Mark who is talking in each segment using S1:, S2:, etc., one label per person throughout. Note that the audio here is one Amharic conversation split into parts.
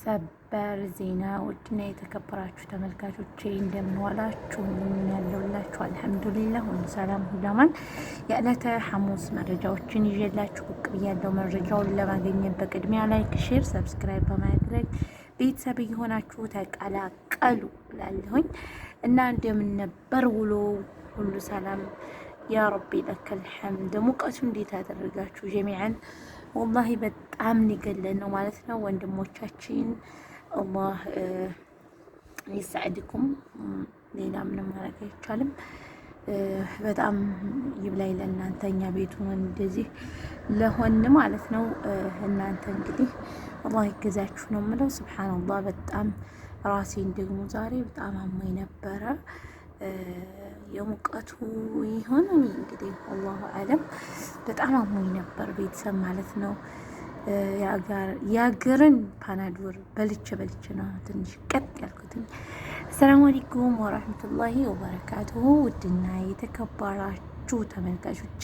S1: ሰበር ዜና ውድና የተከበራችሁ ተመልካቾች እንደምንዋላችሁ ያለውላችሁ አልሐምዱሊላ ሁሉ ሰላም ሁላማን የዕለተ ሐሙስ መረጃዎችን ይዤላችሁ ብቅ ብያለሁ። መረጃውን ለማገኘት በቅድሚያ ላይክ፣ ሼር፣ ሰብስክራይብ በማድረግ ቤተሰብ እየሆናችሁ ተቀላቀሉ ላለሁኝ እና እንደምን ነበር ውሎ ሁሉ ሰላም ያ ረቢ ለከል ሐምድ ሙቀቱ እንዴት አደረጋችሁ ጀሚዓን ወላሂ በጣም ሊገለን ነው ማለት ነው። ወንድሞቻችን አላህ ይሳዕድኩም። ሌላ ምንም ማድረግ አይቻልም። በጣም ይብላኝ ለእናንተ እኛ ቤቱ እንደዚህ ለሆን ማለት ነው። እናንተ እንግዲህ አላህ ይገዛችሁ ነው የምለው። ስብሓን በጣም ራሴን ደግሞ ዛሬ በጣም አሞኝ ነበረ። የሙቀቱ ይሆን እንግዲህ አላሁ አለም። በጣም አሞኝ ነበር ቤተሰብ ማለት ነው። የአገርን ፓናዶር በልቼ በልቼ ነው ትንሽ ቀጥ ያልኩትኝ። አሰላሙ አለይኩም ወራህመቱላሂ ወበረካቱሁ ውድና የተከበራችሁ ናችሁ ተመልካቾቼ?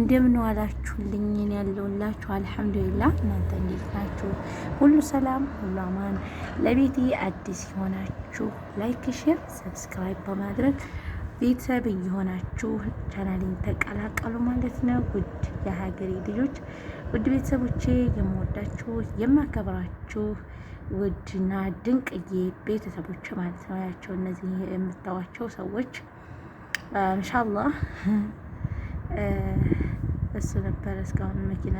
S1: እንደምን ዋላችሁልኝ? ያለውላችሁ አልሐምዱሊላ። እናንተ እንዴት ናችሁ? ሁሉ ሰላም፣ ሁሉ አማን። ለቤቴ አዲስ የሆናችሁ ላይክ፣ ሼር፣ ሰብስክራይብ በማድረግ ቤተሰብ እየሆናችሁ ቻናሌን ተቀላቀሉ ማለት ነው። ውድ የሀገሬ ልጆች፣ ውድ ቤተሰቦቼ፣ የምወዳችሁ የማከብራችሁ ውድና ድንቅዬ ቤተሰቦች ማለት ነው ያቸው እነዚህ የምታዋቸው ሰዎች እንሻላህ እሱ ነበረ እስካሁን መኪና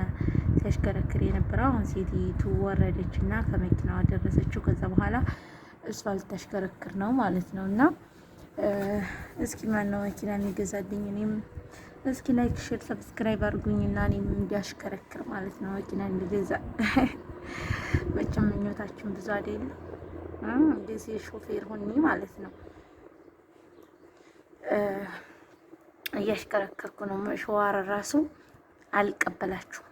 S1: ሲያሽከረክር የነበረው። አሁን ሴቲቱ ወረደች እና ከመኪናዋ ደረሰችው። ከዛ በኋላ እሷ ልታሽከረክር ነው ማለት ነው። እና እስኪ ማነው መኪና የሚገዛልኝ? እኔም እስኪ ላይክ፣ ሼር፣ ሰብስክራይብ አድርጉኝ እና እኔም እንዲያሽከረክር ማለት ነው መኪና እንዲገዛ። መቼም ምኞታችን ብዙ አይደለም እንደዚህ ሾፌር ሆኜ ማለት ነው እያሽከረከርኩ ነው። ሸዋር ራሱ አልቀበላችሁ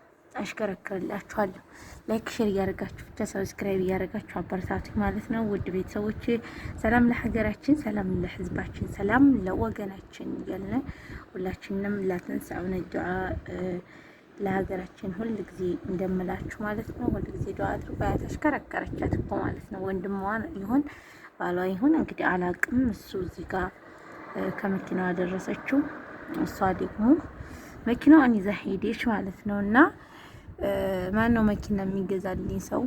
S1: አሽከረክርላችኋለሁ። ላይክ ሼር እያደረጋችሁ ብቻ ሰብስክራይብ እያደረጋችሁ አበረታቱኝ ማለት ነው። ውድ ቤተሰቦች ሰላም ለሀገራችን፣ ሰላም ለህዝባችን ሰላም ለወገናችን እያልን ሁላችንም ላትንሳውን ዱዓ ለሀገራችን ሁል ጊዜ እንደምላችሁ ማለት ነው። ሁል ጊዜ ዱዓ አድርጎ ያተሽከረከረቻት እኮ ማለት ነው። ወንድሟ ይሁን ባሏ ይሁን እንግዲህ አላቅም እሱ እዚህ ጋር ከመኪናዋ ደረሰችው። እሷ ደግሞ መኪናዋን ይዛ ሄደች ማለት ነው። እና ማን ነው መኪና የሚገዛልኝ ሰው?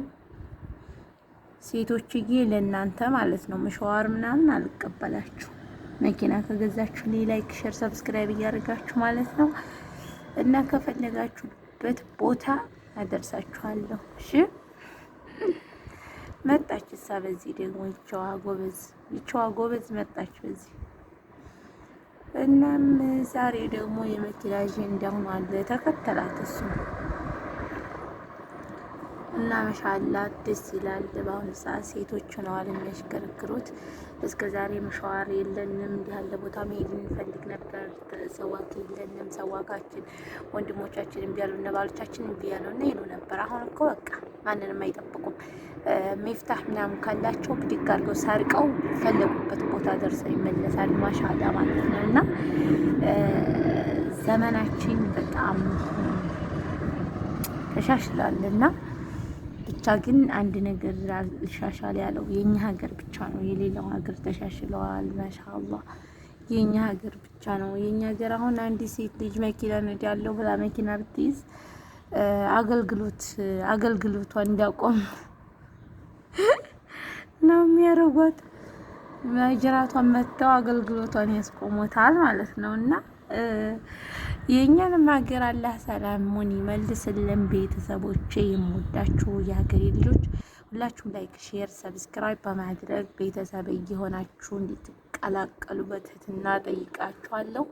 S1: ሴቶችዬ ለእናንተ ማለት ነው። መሸዋር ምናምን አልቀበላችሁ መኪና ከገዛችሁ ላይክ፣ ሸር፣ ሰብስክራይብ እያደረጋችሁ ማለት ነው። እና ከፈለጋችሁበት ቦታ አደርሳችኋለሁ። እሺ መጣች እሳ በዚህ ደግሞ ይቸዋ ጎበዝ፣ ይቸዋ ጎበዝ መጣች በዚህ እናም ዛሬ ደግሞ የመኪና አጀንዳ አለ ተከተላት እሱ እና መሻላት ደስ ይላል። በአሁኑ ሰዓት ሴቶች ሆነዋል የሚያሽከረክሩት። እስከ ዛሬ መሻዋር የለንም፣ እንዲህ ያለ ቦታ መሄድ እንፈልግ ነበር። ሰዋክ የለንም። ሰዋካችን ወንድሞቻችን እምቢ ያሉ፣ ባሎቻችን እምቢ ያሉ እና ይሉ ነበር። አሁን እኮ በቃ ማንንም አይጠብቁም። ሚፍታህ ምናምን ካላቸው ብድግ አድርገው ሰርቀው ፈለጉበት ቦታ ደርሰው ይመለሳል። ማሻላ ማለት ነው። እና ዘመናችን በጣም ተሻሽሏል እና ብቻ ግን አንድ ነገር ልሻሻል ያለው የኛ ሀገር ብቻ ነው። የሌላው ሀገር ተሻሽለዋል። ማሻአላ የኛ ሀገር ብቻ ነው። የኛ ሀገር አሁን አንዲት ሴት ልጅ መኪና ያለው ብላ መኪና ብትይዝ አገልግሎት አገልግሎቷ እንዲያቆም ነው የሚያደርጓት። መጅራቷን መጥተው አገልግሎቷን ያስቆሙታል ማለት ነው። እና የእኛንም ሀገር አላህ ሰላሙን ይመልስልን። ቤተሰቦቼ የምወዳችሁ የሀገሬ ልጆች ሁላችሁም ላይክ፣ ሼር፣ ሰብስክራይብ በማድረግ ቤተሰብ እየሆናችሁ እንዲት እንድትቀላቀሉ በትህትና ጠይቃችኋለሁ።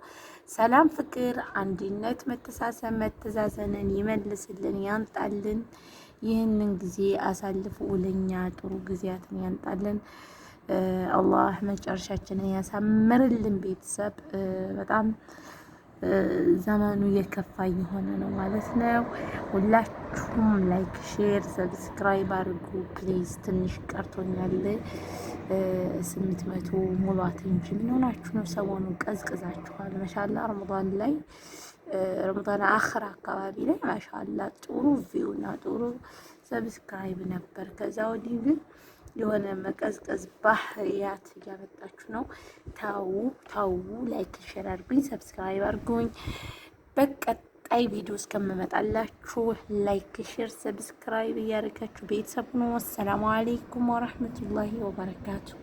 S1: ሰላም፣ ፍቅር፣ አንድነት፣ መተሳሰብ፣ መተዛዘንን ይመልስልን፣ ያምጣልን። ይህንን ጊዜ አሳልፉ ለኛ ጥሩ ጊዜያትን ያምጣልን። አላህ መጨረሻችንን ያሳምርልን። ቤተሰብ በጣም ዘመኑ የከፋ የሆነ ነው ማለት ነው። ሁላችሁም ላይክ፣ ሼር፣ ሰብስክራይብ አድርጉ ፕሊዝ። ትንሽ ቀርቶኛል። ስምንት መቶ ሙሏት እንጂ ምን ሆናችሁ ነው? ሰሞኑን ቀዝቅዛችኋል። መሻላ ረመዳን ላይ ረመዳን አክር አካባቢ ላይ ማሻላ ጥሩ ቪው እና ጥሩ ሰብስክራይብ ነበር። ከዛ ወዲህ ግን የሆነ መቀዝቀዝ ባህሪያት እያመጣችሁ ነው። ታው ታው ላይክ ሸር አርጉኝ፣ ሰብስክራይብ አርጉኝ በቀጥ በቀጣይ ቪዲዮ እስከምመጣላችሁ ላይክ፣ ሼር፣ ሰብስክራይብ እያደረጋችሁ ቤተሰብ ነው። አሰላሙ አሌይኩም ወረህመቱላሂ ወበረካቱ።